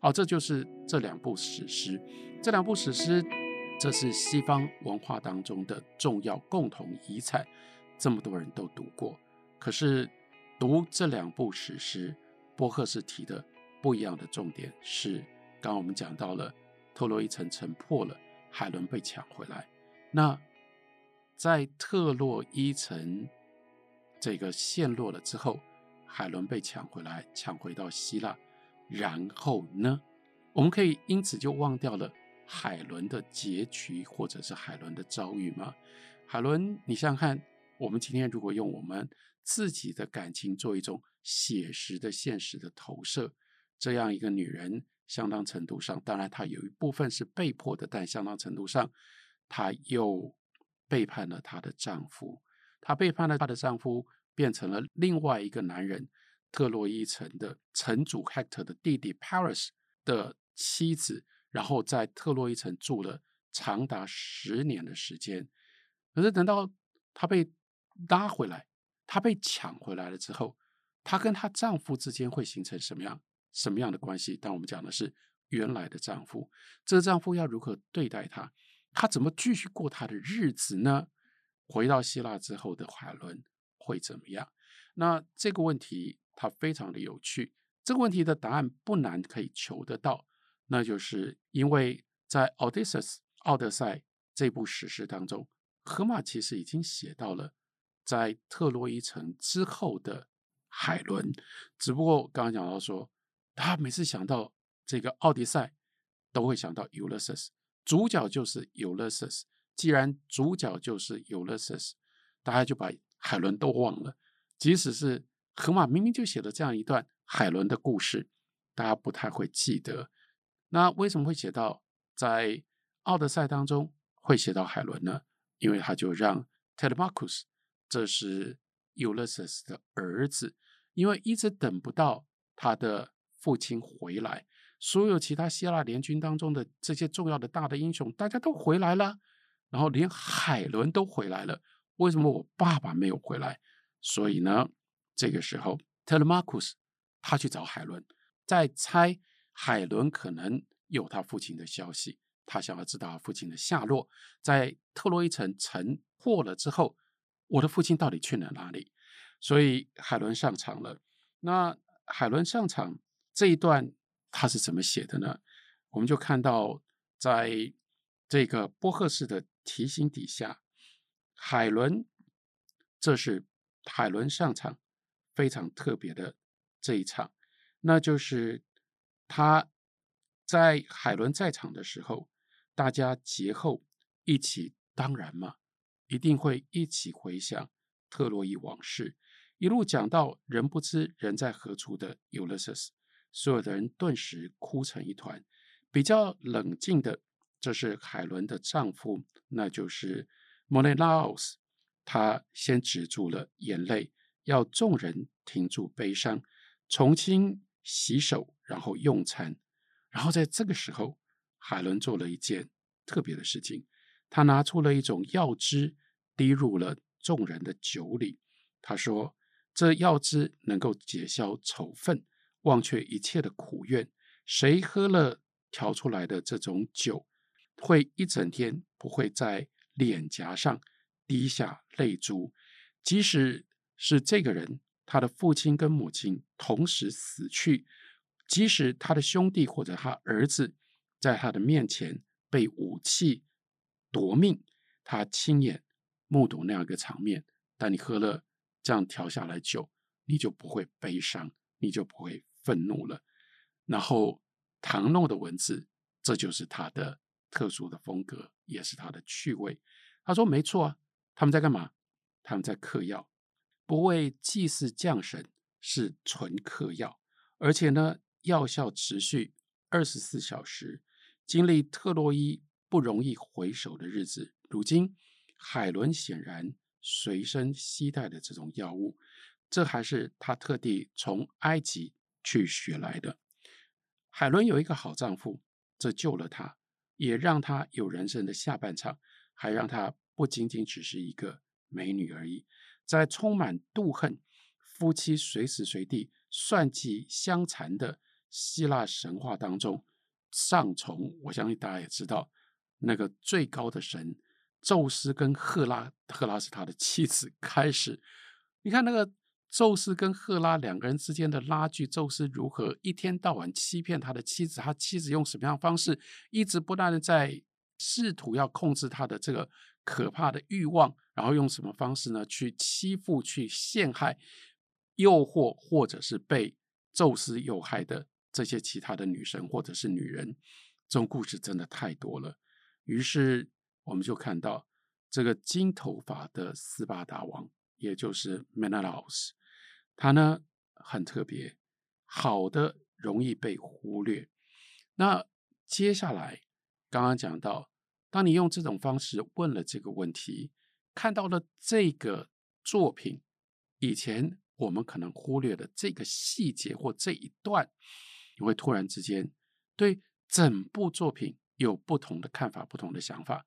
哦，這就是這兩部史詩，這兩部史詩，這是西方文化當中的重要共同遺產，這麼多人都讀過。可是讀這兩部史詩，波赫士提的不一樣的重點是，是剛剛我們講到了特洛伊城城破了，海倫被搶回來。那在特洛伊城這個陷落了之後，海倫被搶回來，搶回到希臘。然後呢？我們可以因此就忘掉了海倫的結局，或者是海倫的遭遇嗎？海倫，你想想看，我們今天如果用我們自己的感情做一種寫實的現實的投射，這樣一個女人，相當程度上，當然她有一部分是被迫的，但相當程度上，她又背叛了她的丈夫。她背叛了她的丈夫，變成了另外一個男人，特洛伊城的城主 t o 特的弟弟 Paris 的妻子，然後在特洛伊城住了長達十年的時間。可是等到他被拉回來，他被搶回來了之後，他跟她丈夫之間會形成什麼樣什麼樣的關係？但我們講的是原來的丈夫，這個丈夫要如何對待她？她怎麼繼續過她的日子呢？回到希臘之後的海倫會怎麼樣？那這個問題？它非常的有趣，這個問題的答案不難，可以求得到。那就是因為在《Odysseus 奧德賽》這部史詩當中，荷馬其實已經寫到了在特洛伊城之後的海倫。只不過剛剛講到說，他每次想到這個《奧迪賽》，都會想到 Ulysses，主角就是 Ulysses。既然主角就是 Ulysses，大家就把海倫都忘了，即使是。荷馬明明就寫了這樣一段海倫的故事，大家不太會記得。那為什麼會寫到在《奧德賽》當中會寫到海倫呢？因為他就讓 Telemachus，這是 Ulysses 的兒子，因為一直等不到他的父親回來。所有其他希臘聯軍當中的這些重要的大的英雄，大家都回來了，然後連海倫都回來了。為什麼我爸爸沒有回來？所以呢？這個時候，特勒馬庫斯他去找海倫，在猜海倫可能有他父親的消息，他想要知道他父親的下落。在特洛伊城城破了之後，我的父親到底去了哪裡？所以海倫上場了。那海倫上場這一段他是怎麼寫的呢？我們就看到，在這個波赫士的提醒底下，海倫，這是海倫上場。非常特別的這一場，那就是他在海倫在場的時候，大家節後一起，當然嘛，一定會一起回想特洛伊往事，一路講到人不知人在何處的 Ulysses，所有的人頓時哭成一團。比較冷靜的，這是海倫的丈夫，那就是 Menelaus，他先止住了眼淚，要眾人停住悲傷，重新洗手，然後用餐。然後在這個時候，海倫做了一件特別的事情，他拿出了一種藥汁，滴入了眾人的酒裡。他說：“這藥汁能夠解消仇恨，忘却一切的苦怨。誰喝了調出來的這種酒，會一整天不會在臉頰上滴下淚珠，即使。”是這個人，他的父親跟母親同時死去，即使他的兄弟或者他兒子在他的面前被武器奪命，他親眼目睹那樣一個場面，但你喝了這樣調下來酒，你就不會悲傷，你就不會憤怒了。然後唐諾的文字，這就是他的特殊的風格，也是他的趣味。他說：“沒錯啊，他們在幹嘛？他們在嗑藥。”不為祭祀降神是純嗑藥，而且呢，藥效持續二十四小時。經歷特洛伊不容易回首的日子，如今海倫顯然隨身攜帶的這種藥物，這還是她特地從埃及去學來的。海倫有一個好丈夫，這救了她，也讓她有人生的下半場，還讓她不僅僅只是一個美女而已。在充滿妒恨、夫妻隨時隨地算計相殘的希臘神話當中，上從我相信大家也知道，那個最高的神宙斯跟赫拉，赫拉是他的妻子開始。你看那個宙斯跟赫拉兩個人之間的拉鋸，宙斯如何一天到晚欺騙他的妻子，他妻子用什麼樣方式，一直不斷的在。試圖要控制他的這個可怕的慾望，然後用什麼方式呢？去欺負、去陷害、誘惑，或者是被宙斯誘害的這些其他的女神或者是女人，這種故事真的太多了。於是我們就看到這個金頭髮的斯巴達王，也就是 Menelaus，他呢很特別，好的容易被忽略。那接下來。剛剛講到，當你用這種方式問了這個問題，看到了這個作品，以前我們可能忽略的這個細節或這一段，你會突然之間對整部作品有不同的看法、不同的想法。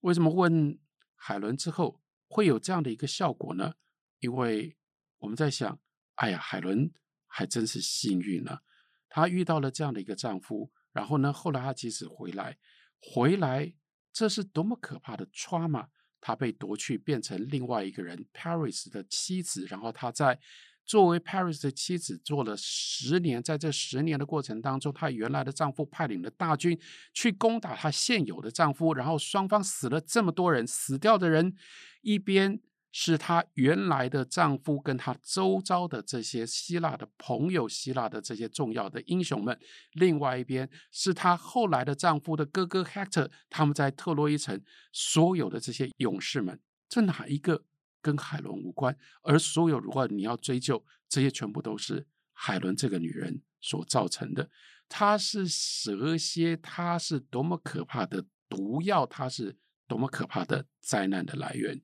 為什麼問海倫之後會有這樣的一個效果呢？因為我們在想，哎呀，海倫還真是幸運呢，啊，她遇到了這樣的一個丈夫，然後呢，後來她即使回來。回來，這是多麼可怕的 trauma！她被奪去，變成另外一個人 Paris 的妻子。然後她在作為 Paris 的妻子做了十年，在這十年的過程當中，她原來的丈夫派領了大軍去攻打她現有的丈夫，然後雙方死了這麼多人，死掉的人一邊是她原來的丈夫跟她周遭的這些希臘的朋友、希臘的這些重要的英雄們；另外一邊是她後來的丈夫的哥哥 Hector，他們在特洛伊城所有的這些勇士們，這哪一個跟海倫無關？而所有，如果你要追究，這些全部都是海倫這個女人所造成的。她是蛇蠍，她是多麼可怕的毒藥，她是多麼可怕的災難的來源。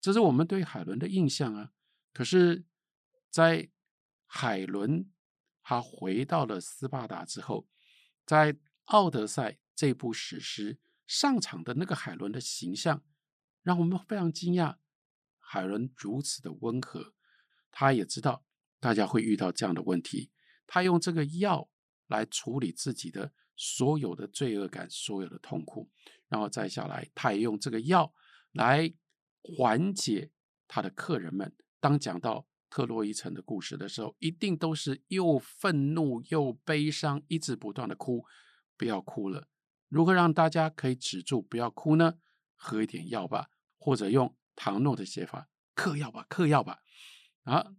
這是我們對海倫的印象啊，可是，在海倫他回到了斯巴達之後，在《奧德賽》這部史詩上場的那個海倫的形象，讓我們非常驚訝。海倫如此的溫和，他也知道大家會遇到這樣的問題，他用這個藥來處理自己的所有的罪惡感、所有的痛苦，然後再下來，他也用這個藥來。緩解他的客人們，當講到特洛伊城的故事的時候，一定都是又憤怒又悲傷，一直不斷地哭。不要哭了，如何讓大家可以止住不要哭呢？喝一點藥吧，或者用唐諾的寫法，嗑藥吧，嗑藥吧。啊，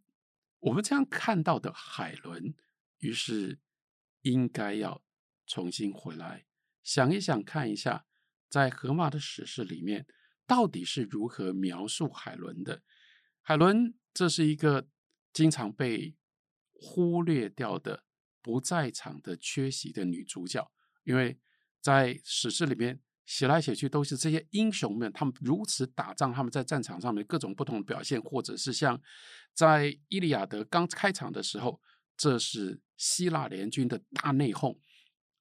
我們這樣看到的海倫，於是應該要重新回來想一想，看一下在荷馬的史詩裡面。到底是如何描述海倫的？海倫，這是一個經常被忽略掉的不在場的缺席的女主角，因為在史詩裡面寫來寫去都是這些英雄們，他們如此打仗，他們在戰場上面各種不同的表現，或者是像在《伊利亞德》剛開場的時候，這是希臘聯軍的大內訌，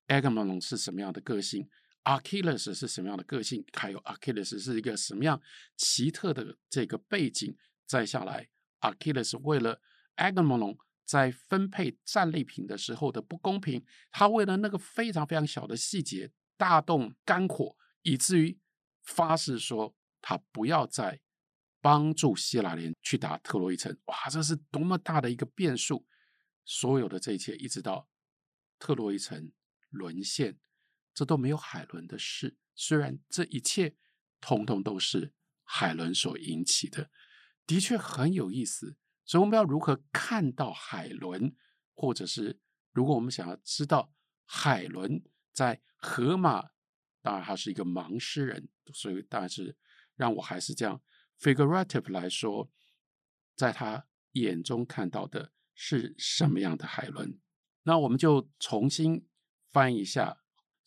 阿格門是什麼樣的個性？阿基里斯是什麼樣的個性？還有阿基里斯是一個什麼樣奇特的這個背景？再下來，阿基里斯為了阿伽門農在分配戰利品的時候的不公平，他為了那個非常非常小的細節大動肝火，以至於發誓說他不要再幫助希臘聯去打特洛伊城。哇，這是多麼大的一個變數！所有的這一切，一直到特洛伊城淪陷。這都沒有海倫的事，雖然這一切通通都是海倫所引起的，的確很有意思。所以我們要如何看到海倫，或者是如果我們想要知道海倫在荷馬，當然他是一個盲詩人，所以當然是讓我還是這樣 figurative 來說，在他眼中看到的是什麼樣的海倫？那我們就重新翻譯一下。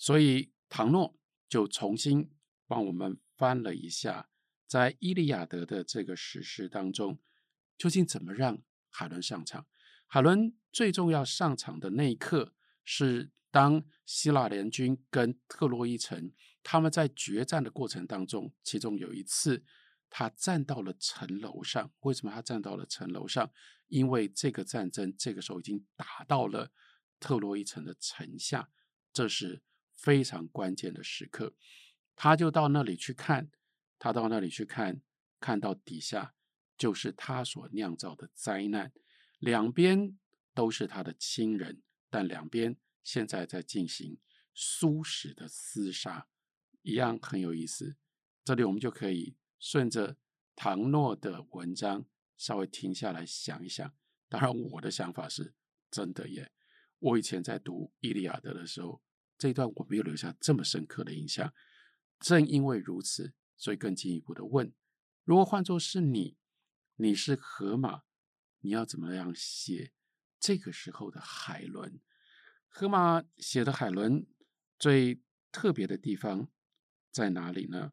所以，唐諾就重新幫我們翻了一下，在《伊利亞德》的這個史詩當中，究竟怎麼讓海倫上場？海倫最重要上場的那一刻，是當希臘聯軍跟特洛伊城他們在決戰的過程當中，其中有一次，他站到了城樓上。為什麼他站到了城樓上？因為這個戰爭這個時候已經打到了特洛伊城的城下，這是。非常關鍵的時刻，他就到那裡去看，他到那裡去看，看到底下就是他所釀造的災難，兩邊都是他的親人，但兩邊現在在進行殊死的廝殺，一樣很有意思。這裡我們就可以順着唐諾的文章稍微停下來想一想。當然，我的想法是真的耶，我以前在讀《伊利亞德》的時候。這一段我沒有留下這麼深刻的印象，正因為如此，所以更進一步的問：如果換作是你，你是荷馬，你要怎麼樣寫這個時候的海倫？荷馬寫的海倫最特別的地方在哪裡呢？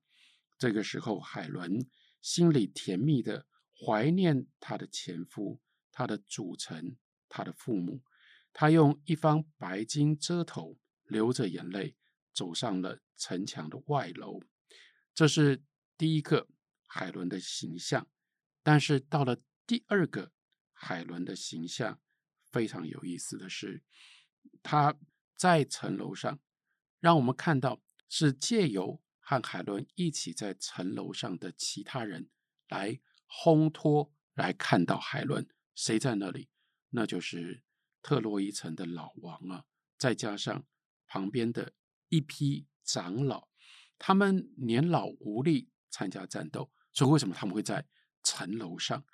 這個時候，海倫心裡甜蜜的懷念她的前夫、她的祖城、她的父母，她用一方白巾遮頭，流着眼淚走上了城牆的外樓，這是第一個海倫的形象。但是到了第二個海倫的形象，非常有意思的是，他在城樓上，讓我們看到是借由和海倫一起在城樓上的其他人來烘托，來看到海倫誰在那裡，那就是特洛伊城的老王啊，再加上，旁邊的一批長老，他們年老無力參加戰鬥，所以為什麼他們會在城樓上？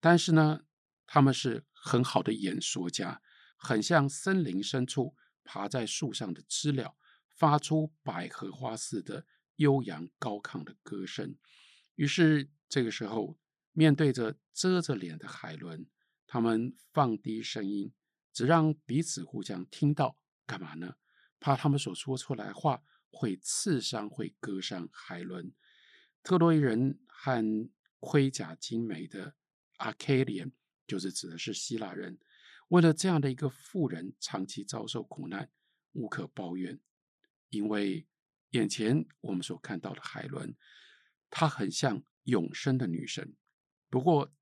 但是呢，他們是很好的演說家，很像森林深處爬在樹上的知了，發出百合花似的悠揚高亢的歌聲。於是這個時候，面對着遮着臉的海倫，他們放低聲音，只讓彼此互相聽到，幹嘛呢？怕他們所說出來話會刺傷、會割傷海倫。特洛伊人和盔甲精美的阿開連就是指的是希臘人。為了這樣的一個婦人長期遭受苦難，無可抱怨。因為眼前我們所看到的海倫，她很像永生的女神。不過，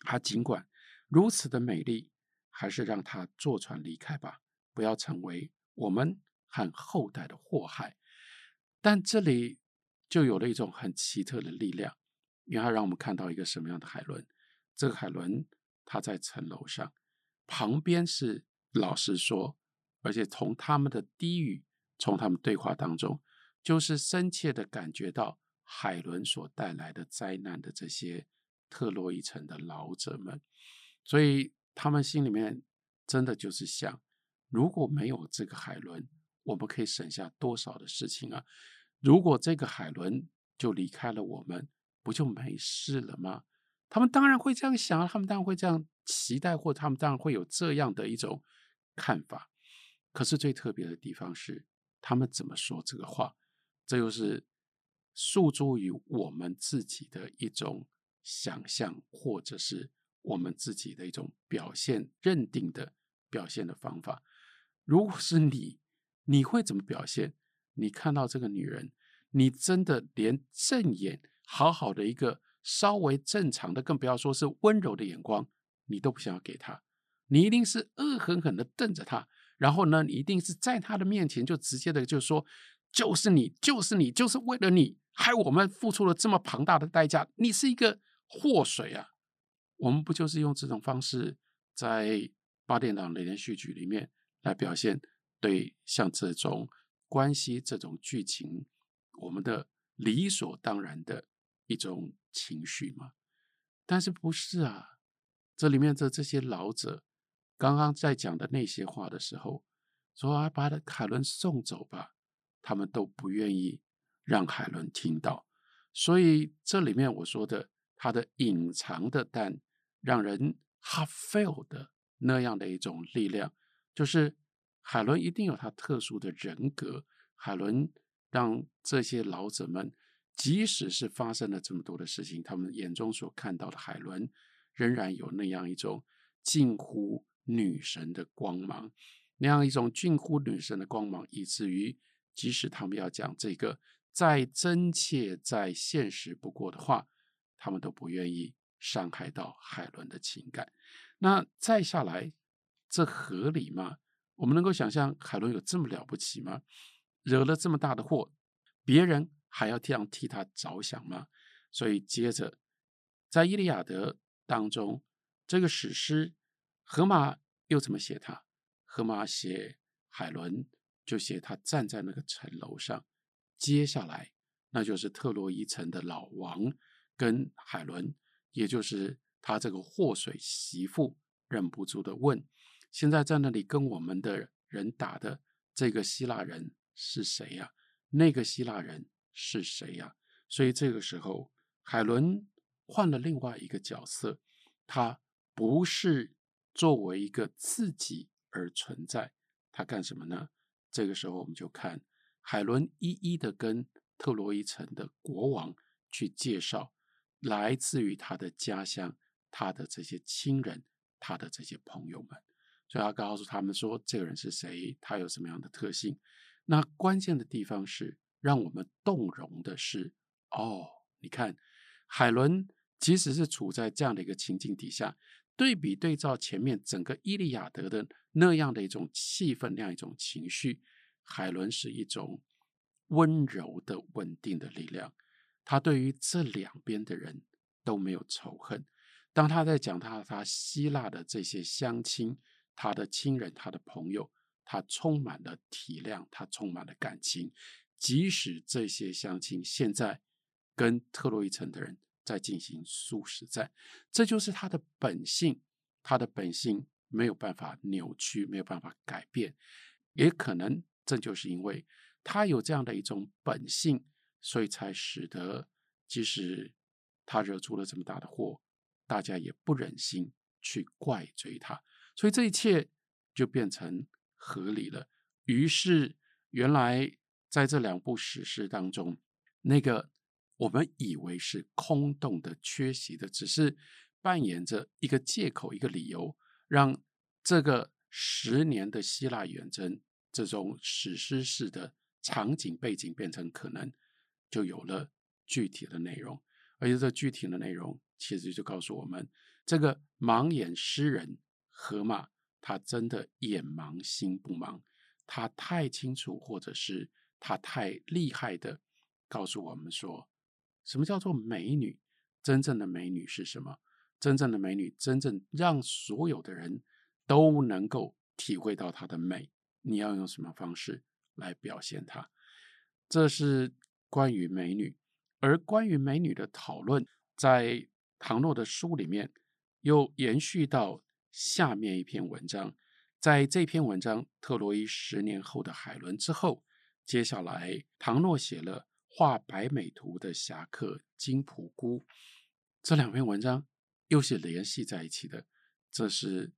她儘管如此的美麗，還是讓她坐船離開吧，不要成為我們。和後代的禍害，但這裡就有了一種很奇特的力量，因為它讓我們看到一個什麼樣的海倫。這個海倫，她在城樓上，旁邊是老實說，而且從他們的低語，從他們對話當中，就是深切的感覺到海倫所帶來的災難的這些特洛伊城的老者們，所以他們心裡面真的就是想，如果沒有這個海倫。我們可以省下多少的事情啊！如果這個海倫就離開了我們，不就沒事了嗎？他們當然會這樣想，他們當然會這樣期待，或他們當然會有這樣的一種看法。可是最特別的地方是，他們怎麼說這個話，這就是訴諸於我們自己的一種想象，或者是我們自己的一種表現認定的表現的方法。如果是你。你會怎麼表現？你看到這個女人，你真的連正眼好好的一個稍微正常的，更不要說是溫柔的眼光，你都不想要給她。你一定是惡狠狠的瞪着她，然後呢，你一定是在她的面前就直接的就說：“就是你，就是你，就是為了你，害我們付出了這麼龐大的代價。你是一個禍水啊！”我們不就是用這種方式在八點檔的連續劇裡面來表現？對，像這種關係，這種劇情，我們的理所當然的一種情緒嘛。但是不是啊？這裡面的這些老者，剛剛在講的那些話的時候，說啊，把卡倫送走吧，他們都不願意讓海倫聽到。所以這裡面我說的他的隱藏的，但讓人 heartfelt 的那樣的一種力量，就是。海倫一定有她特殊的人格。海倫讓這些老者們，即使是發生了這麼多的事情，他們眼中所看到的海倫，仍然有那樣一種近乎女神的光芒，那樣一種近乎女神的光芒，以至於即使他們要講這個再真切、再現實不過的話，他們都不願意傷害到海倫的情感。那再下來，這合理嗎？我們能夠想象海倫有這麼了不起嗎？惹了這麼大的禍，別人還要這樣替他着想嗎？所以，接着在《伊利亞德》當中，這個史詩，荷馬又怎麼寫他？荷馬寫海倫，就寫他站在那個城樓上。接下來，那就是特洛伊城的老王跟海倫，也就是他這個禍水媳婦，忍不住地問。現在在那裡跟我們的人打的這個希臘人是誰呀？那個希臘人是誰呀？所以這個時候，海倫換了另外一個角色，他不是作為一個自己而存在，他幹什麼呢？這個時候我們就看海倫一一的跟特洛伊城的國王去介紹來自於他的家鄉、他的這些親人、他的這些朋友們。就要告訴他們說，這個人是誰，他有什麼樣的特性。那關鍵的地方是，讓我們動容的是，哦，你看，海倫即使是處在這樣的一個情境底下。對比對照前面整個《伊利亞德》的那樣的一種氣氛，那樣一種情緒，海倫是一種溫柔的、穩定的力量。他對於這兩邊的人都沒有仇恨。當他在講他他希臘的這些鄉親。他的親人，他的朋友，他充滿了體諒，他充滿了感情。即使這些鄉親現在跟特洛伊城的人在進行殊死戰，這就是他的本性。他的本性沒有辦法扭曲，沒有辦法改變。也可能，這就是因為他有這樣的一種本性，所以才使得即使他惹出了這麼大的禍，大家也不忍心去怪罪他。所以這一切就變成合理了。於是，原來在這兩部史詩當中，那個我們以為是空洞的、缺席的，只是扮演着一個借口、一個理由，讓這個十年的希臘遠征這種史詩式的場景背景變成可能，就有了具體的內容。而且，這具體的內容其實就告訴我們，這個盲眼詩人。荷馬，他真的眼盲心不盲，他太清楚，或者是他太厲害的，告訴我們說，什麼叫做美女？真正的美女是什麼？真正的美女，真正讓所有的人都能夠體會到她的美，你要用什麼方式來表現它？這是關於美女，而關於美女的討論，在唐諾的書裡面又延續到。下面一篇文章，在這篇文章《特洛伊十年後的海倫》之後，接下來唐諾寫了畫百美圖的俠客金浦姑，這兩篇文章又是聯繫在一起的。這是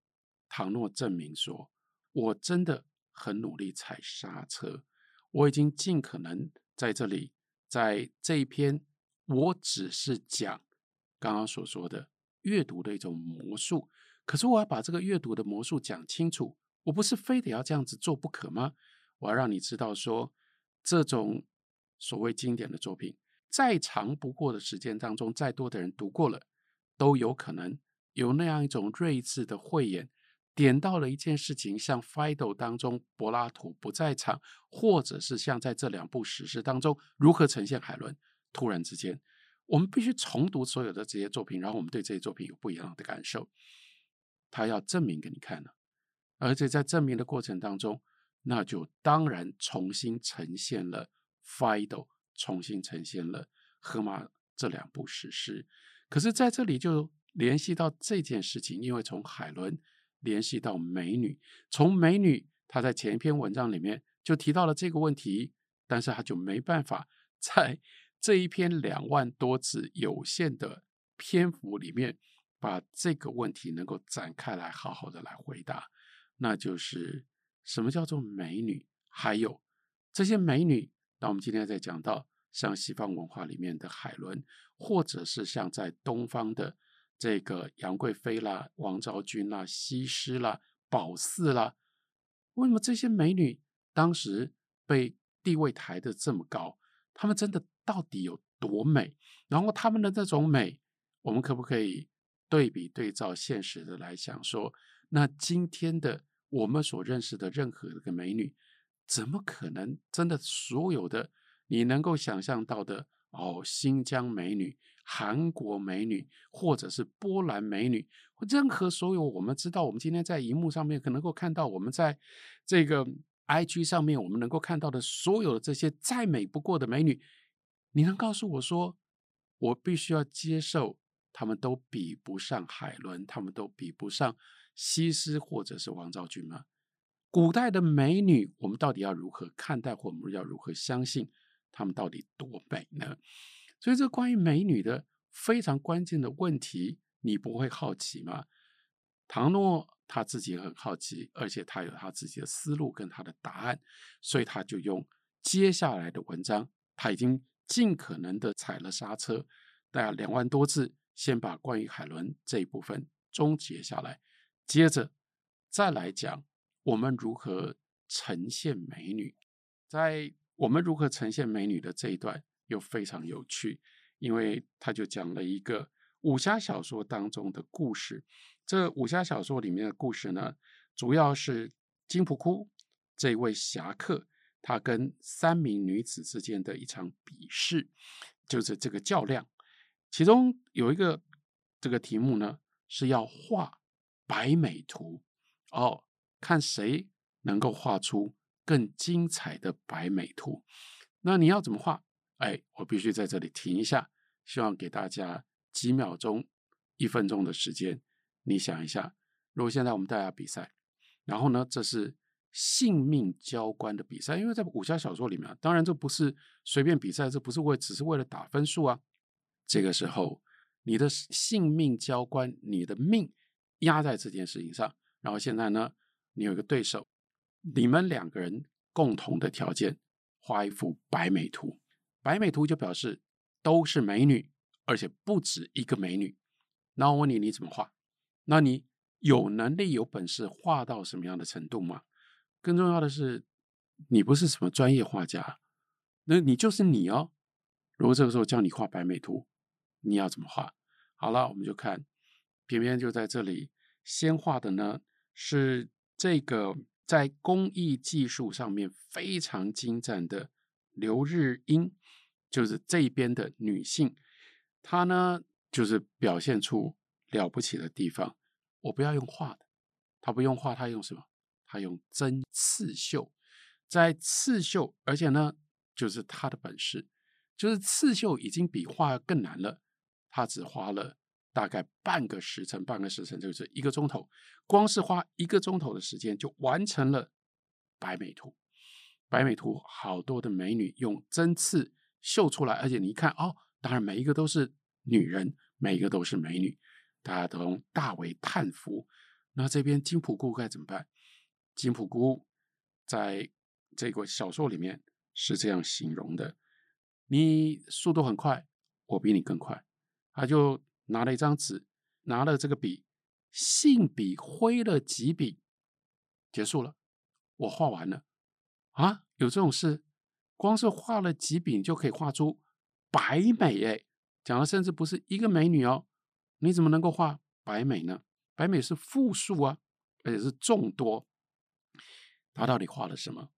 唐諾證明說，我真的很努力踩剎車，我已經盡可能在這裡，在這一篇，我只是講剛剛所說的閱讀的一種魔術。可是我要把這個閱讀的魔術講清楚，我不是非得要這樣子做不可嗎？我要讓你知道說，說這種所謂經典的作品，再長不過的時間當中，再多的人讀過了，都有可能有那樣一種睿智的慧眼，點到了一件事情，像《Phaedo》當中柏拉圖不在場，或者是像在這兩部史詩當中如何呈現海倫。突然之間，我們必須重讀所有的這些作品，然後我們對這些作品有不一樣的感受。他要證明給你看了，啊，而且在證明的過程當中，那就當然重新呈現了《Fido》，重新呈現了《荷馬》這兩部史詩。可是，在這裡就聯繫到這件事情，因為從海倫聯繫到美女，從美女，他在前一篇文章裡面就提到了這個問題，但是他就沒辦法在這一篇兩萬多字有限的篇幅裡面。把這個問題能夠展開來，好好的來回答，那就是什麼叫做美女？還有這些美女，那我們今天在講到像西方文化裡面的海倫，或者是像在東方的這個楊貴妃啦、王昭君啦、西施啦、褒姒啦，為什麼這些美女當時被地位抬得這麼高？她們真的到底有多美？然後她們的那種美，我們可不可以？對比對照現實的來講說，那今天的我們所認識的任何一個美女，怎麼可能真的所有的你能夠想象到的哦？新疆美女、韓國美女，或者是波蘭美女，或任何所有我們知道，我們今天在熒幕上面可能夠看到，我們在這個 IG 上面我們能夠看到的所有的這些再美不過的美女，你能告訴我說，我必須要接受？他們都比不上海倫，他們都比不上西施或者是王昭君嗎？古代的美女，我們到底要如何看待，或者我們要如何相信她們到底多美呢？所以，這關於美女的非常關鍵的問題，你不會好奇嗎？唐諾他自己很好奇，而且他有他自己的思路跟他的答案，所以他就用接下來的文章，他已經盡可能的踩了剎車，大概兩萬多字。先把關於海倫這一部分終結下來，接着再來講我們如何呈現美女。在我們如何呈現美女的這一段又非常有趣，因為他就講了一個武俠小說當中的故事。這武俠小說裡面的故事呢，主要是金蒲窟這位俠客他跟三名女子之間的一場比試，就是這個較量。其中有一個這個題目呢，是要畫百美圖哦，看誰能夠畫出更精彩的百美圖。那你要怎麼畫？哎，我必須在這裡停一下，希望給大家幾秒鐘、一分鐘的時間，你想一下。如果現在我們大家比賽，然後呢，這是性命交關的比賽，因為在武俠小說裡面啊，當然這不是隨便比賽，這不是為只是為了打分數啊。這個時候，你的性命交關，你的命壓在這件事情上。然後現在呢，你有一個對手，你們兩個人共同的條件，畫一幅百美圖。百美圖就表示都是美女，而且不止一個美女。那我問你，你怎麼畫？那你有能力、有本事畫到什麼樣的程度嗎？更重要的是，你不是什麼專業畫家，那你就是你哦。如果這個時候叫你畫百美圖，你要怎麼畫？好了，我們就看，偏偏就在這裡，先畫的呢是這個在工藝技術上面非常精湛的劉日英，就是這邊的女性，她呢就是表現出了不起的地方。我不要用畫的，她不用畫，她用什麼？她用針刺繡，在刺繡，而且呢，就是她的本事，就是刺繡已經比畫更難了。他只花了大概半個時辰，半個時辰就是一個鐘頭，光是花一個鐘頭的時間就完成了白《百美圖》。《百美圖》好多的美女用針刺繡出來，而且你一看哦，當然每一個都是女人，每一個都是美女，大家都大為嘆服。那這邊金普姑該怎麼辦？金普姑在這個小說裡面是這樣形容的：“你速度很快，我比你更快。”他就拿了一張紙，拿了這個筆，信筆揮了幾筆，結束了。我畫完了啊。有這種事？光是畫了幾筆就可以畫出百美？欸？哎，講的甚至不是一個美女哦，你怎麼能夠畫百美呢？百美是複數啊，而且是眾多。他到底畫了什麼？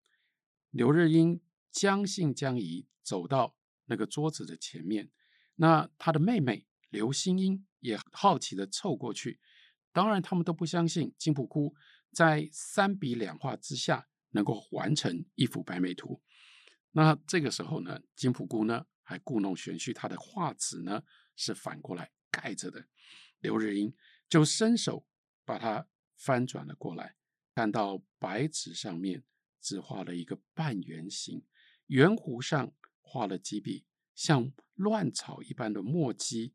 劉日英將信將疑，走到那個桌子的前面，那他的妹妹。劉心英也好奇地湊過去，當然他們都不相信金普姑在三筆兩畫之下能夠完成一幅白梅圖。那這個時候呢，金普姑呢還故弄玄虛，她的畫紙呢是反過來蓋着的。劉日英就伸手把它翻轉了過來，看到白紙上面只畫了一個半圓形，圓弧上畫了幾筆像亂草一般的墨跡。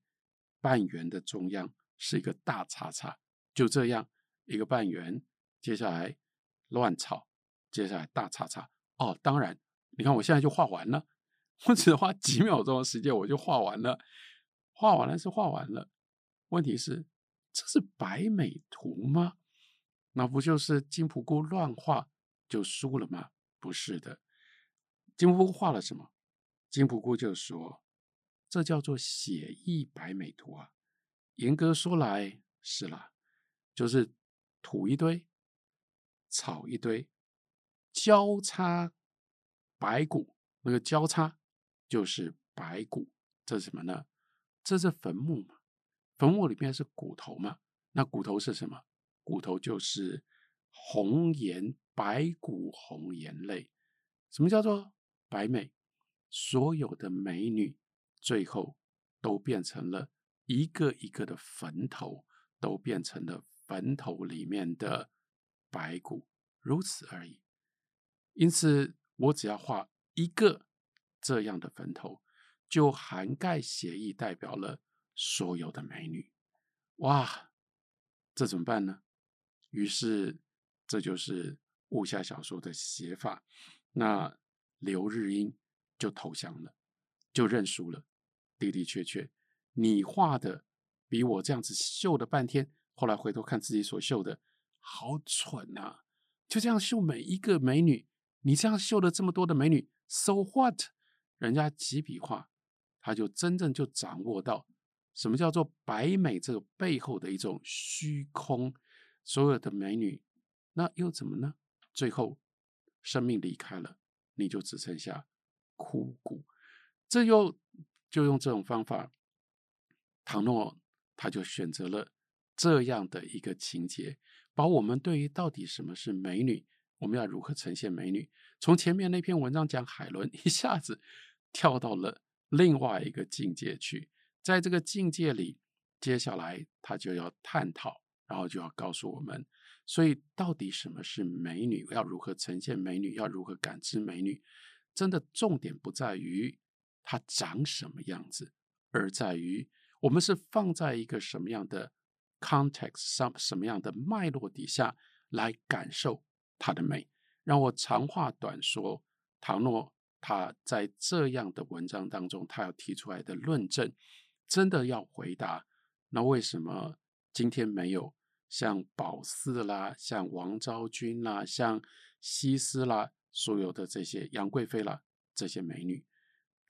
半圓的中央是一個大叉叉，就這樣一個半圓，接下來亂草，接下來大叉叉。哦，當然，你看我現在就畫完了，我只花幾秒鐘的時間我就畫完了，畫完了是畫完了，問題是這是百美圖嗎？那不就是金不姑亂畫就輸了嗎？不是的，金不姑畫了什麼？金不姑就說。這叫做寫意百美圖啊，嚴格說來是啦，就是土一堆，草一堆，交叉白骨，那個交叉就是白骨。這是什麼呢？這是墳墓嘛，墳墓裡面是骨頭嘛。那骨頭是什麼？骨頭就是紅顏白骨，紅顏淚。什麼叫做百美？所有的美女，最後都變成了一個一個的墳頭，都變成了墳頭裡面的白骨，如此而已。因此，我只要畫一個這樣的墳頭，就涵蓋寫意代表了所有的美女。哇，這怎麼辦呢？於是，這就是武俠小說的寫法。那劉日英就投降了，就認輸了。的的確確，你畫的比我這樣子繡了半天，後來回頭看自己所繡的，好蠢吶、啊！就這樣繡每一個美女，你這樣繡了這麼多的美女，So what？人家幾筆畫，他就真正就掌握到什麼叫做白美這個背後的一種虛空，所有的美女，那又怎麼呢？最後生命離開了，你就只剩下枯骨，這又。就用這種方法，唐諾他就選擇了這樣的一個情節，把我們對於到底什麼是美女，我們要如何呈現美女，從前面那篇文章講海倫，一下子跳到了另外一個境界去。在這個境界裡，接下來他就要探討，然後就要告訴我們，所以到底什麼是美女，要如何呈現美女，要如何感知美女，真的重點不在於。它長什麼樣子，而在於我們是放在一個什麼樣的 context 上，什麼樣的脈絡底下來感受它的美。讓我長話短說，唐諾他在這樣的文章當中，他要提出來的論證，真的要回答，那為什麼今天沒有像褒姒啦、像王昭君啦、像西施啦、所有的這些楊貴妃啦這些美女？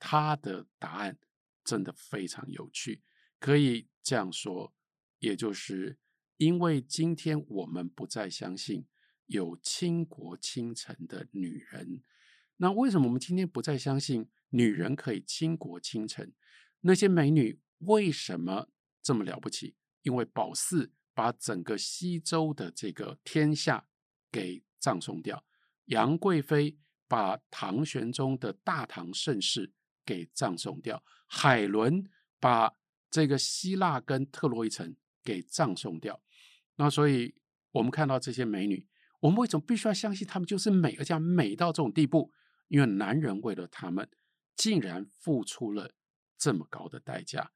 他的答案真的非常有趣，可以這樣說，也就是因為今天我們不再相信有傾國傾城的女人，那為什麼我們今天不再相信女人可以傾國傾城？那些美女為什麼這麼了不起？因為褒姒把整個西周的這個天下給葬送掉，楊貴妃把唐玄宗的大唐盛世。給葬送掉，海倫把這個希臘跟特洛伊城給葬送掉。那所以我們看到這些美女，我們為什麼必須要相信她們就是美，而且美到這種地步？因為男人為了她們，竟然付出了這麼高的代價。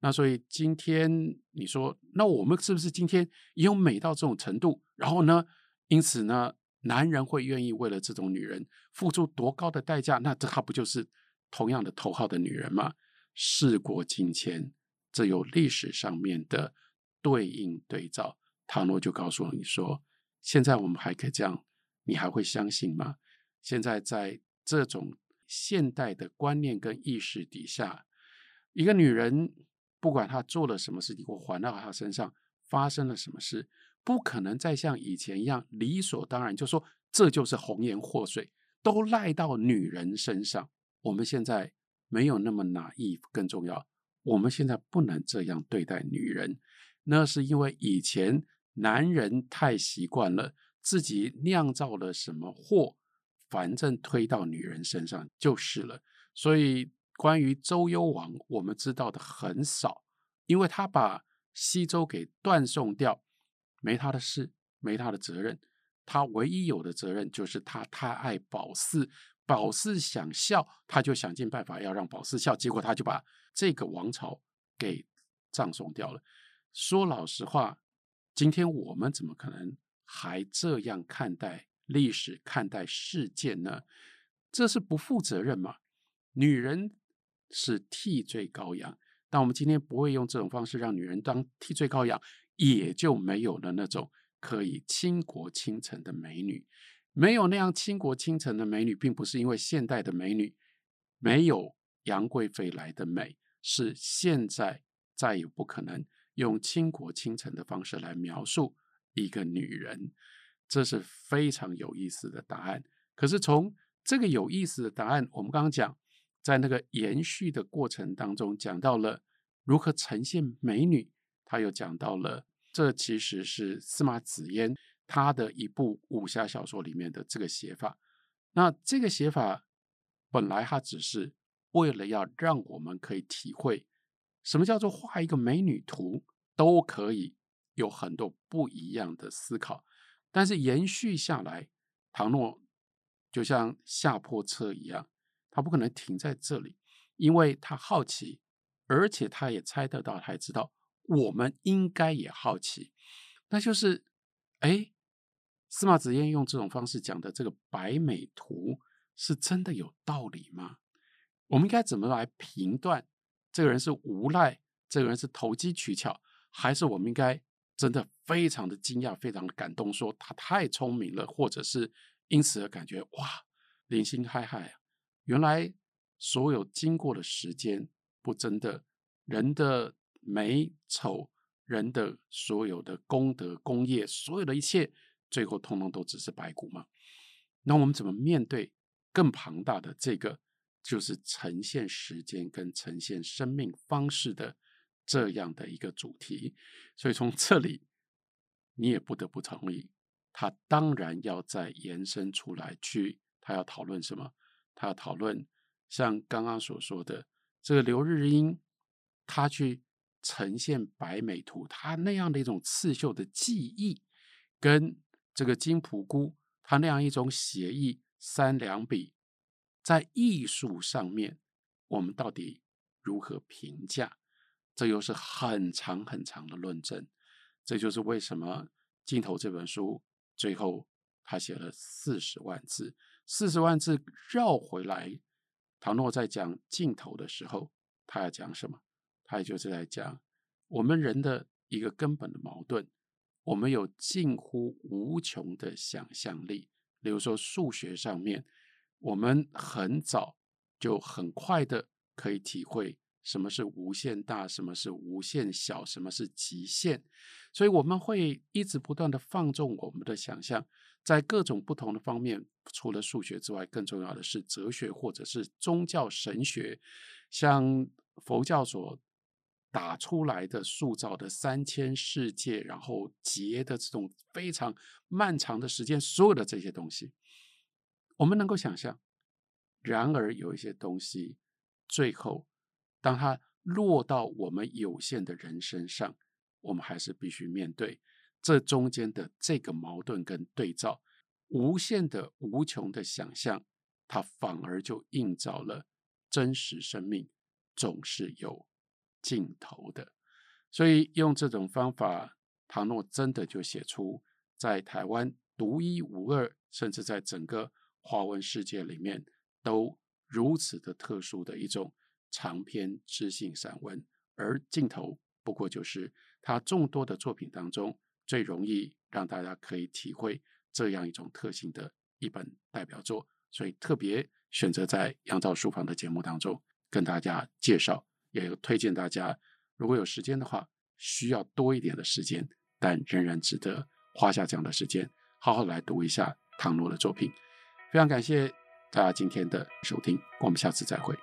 那所以今天你說，那我們是不是今天也有美到這種程度？然後呢，因此呢，男人會願意為了這種女人付出多高的代價？那這還不就是？同樣的頭號的女人嘛，事過境遷，這有歷史上面的對應對照。唐諾就告訴你說：“現在我們還可以這樣，你還會相信嗎？”現在在這種現代的觀念跟意識底下，一個女人不管她做了什麼事情，或還到她身上發生了什麼事，不可能再像以前一樣理所當然，就說這就是紅顏禍水，都賴到女人身上。我們現在沒有那麼 naive，更重要。我們現在不能這樣對待女人，那是因為以前男人太習慣了自己釀造了什麼禍，反正推到女人身上就是了。所以關於周幽王，我們知道的很少，因為他把西周給斷送掉，沒他的事，沒他的責任。他唯一有的責任就是他太愛褒姒。褒姒想笑，他就想盡辦法要讓褒姒笑，結果他就把這個王朝給葬送掉了。說老實話，今天我們怎麼可能還這樣看待歷史、看待事件呢？這是不負責任嗎？女人是替罪羔羊，但我們今天不會用這種方式讓女人當替罪羔羊，也就沒有了那種可以傾國傾城的美女。沒有那樣傾國傾城的美女，並不是因為現代的美女沒有楊貴妃來的美，是現在再也不可能用傾國傾城的方式來描述一個女人。這是非常有意思的答案。可是從這個有意思的答案，我們剛剛講在那個延續的過程當中，講到了如何呈現美女，他又講到了這其實是司馬紫煙，他的一部武俠小說裡面的這個寫法，那這個寫法本來他只是為了要讓我們可以體會什麼叫做畫一個美女圖都可以有很多不一樣的思考，但是延續下來，唐諾就像下坡車一樣，他不可能停在這裡，因為他好奇，而且他也猜得到，他也知道我們應該也好奇，那就是哎。誒司馬子燕用這種方式講的這個“百美圖”是真的有道理嗎？我們應該怎麼來評斷這個人是無賴，這個人是投機取巧，還是我們應該真的非常的驚訝、非常的感動，說他太聰明了，或者是因此而感覺哇，人生海海，原來所有經過的時間，不真的，人的美醜，人的所有的功德、功業，所有的一切。最後，通通都只是白骨嗎？那我們怎麼面對更龐大的這個，就是呈現時間跟呈現生命方式的這樣的一個主題？所以從這裡，你也不得不同意，他當然要再延伸出來去，他要討論什麼？他要討論像剛剛所說的這個劉日英，他去呈現百美圖，他那樣的一種刺繡的技藝跟。這個金普姑，他那樣一種寫意三兩筆，在藝術上面，我們到底如何評價？這又是很長很長的論證。這就是為什麼《盡頭》這本書最後他寫了四十萬字，四十萬字繞回來。唐諾在講盡頭的時候，他要講什麼？他就是在講我們人的一個根本的矛盾。我們有近乎無窮的想象力，比如說數學上面，我們很早就很快的可以體會什麼是無限大，什麼是無限小，什麼是極限，所以我們會一直不斷的放縱我們的想象，在各種不同的方面，除了數學之外，更重要的是哲學或者是宗教神學，像佛教所打出來的、塑造的三千世界，然後結的這種非常漫長的時間，所有的這些東西，我們能夠想象。然而，有一些東西，最後，當它落到我們有限的人身上，我們還是必須面對這中間的這個矛盾跟對照。無限的、無窮的想象，它反而就映照了真實生命，總是有。盡頭的，所以用這種方法，唐諾真的就寫出在台灣獨一無二，甚至在整個華文世界裡面都如此的特殊的一種長篇知性散文。而盡頭不過就是他眾多的作品當中最容易讓大家可以體會這樣一種特性的一本代表作，所以特別選擇在楊照書房的節目當中跟大家介紹。也推薦大家，如果有時間的話，需要多一點的時間，但仍然值得花下這樣的時間，好好來讀一下唐諾的作品。非常感謝大家今天的收聽，我們下次再會。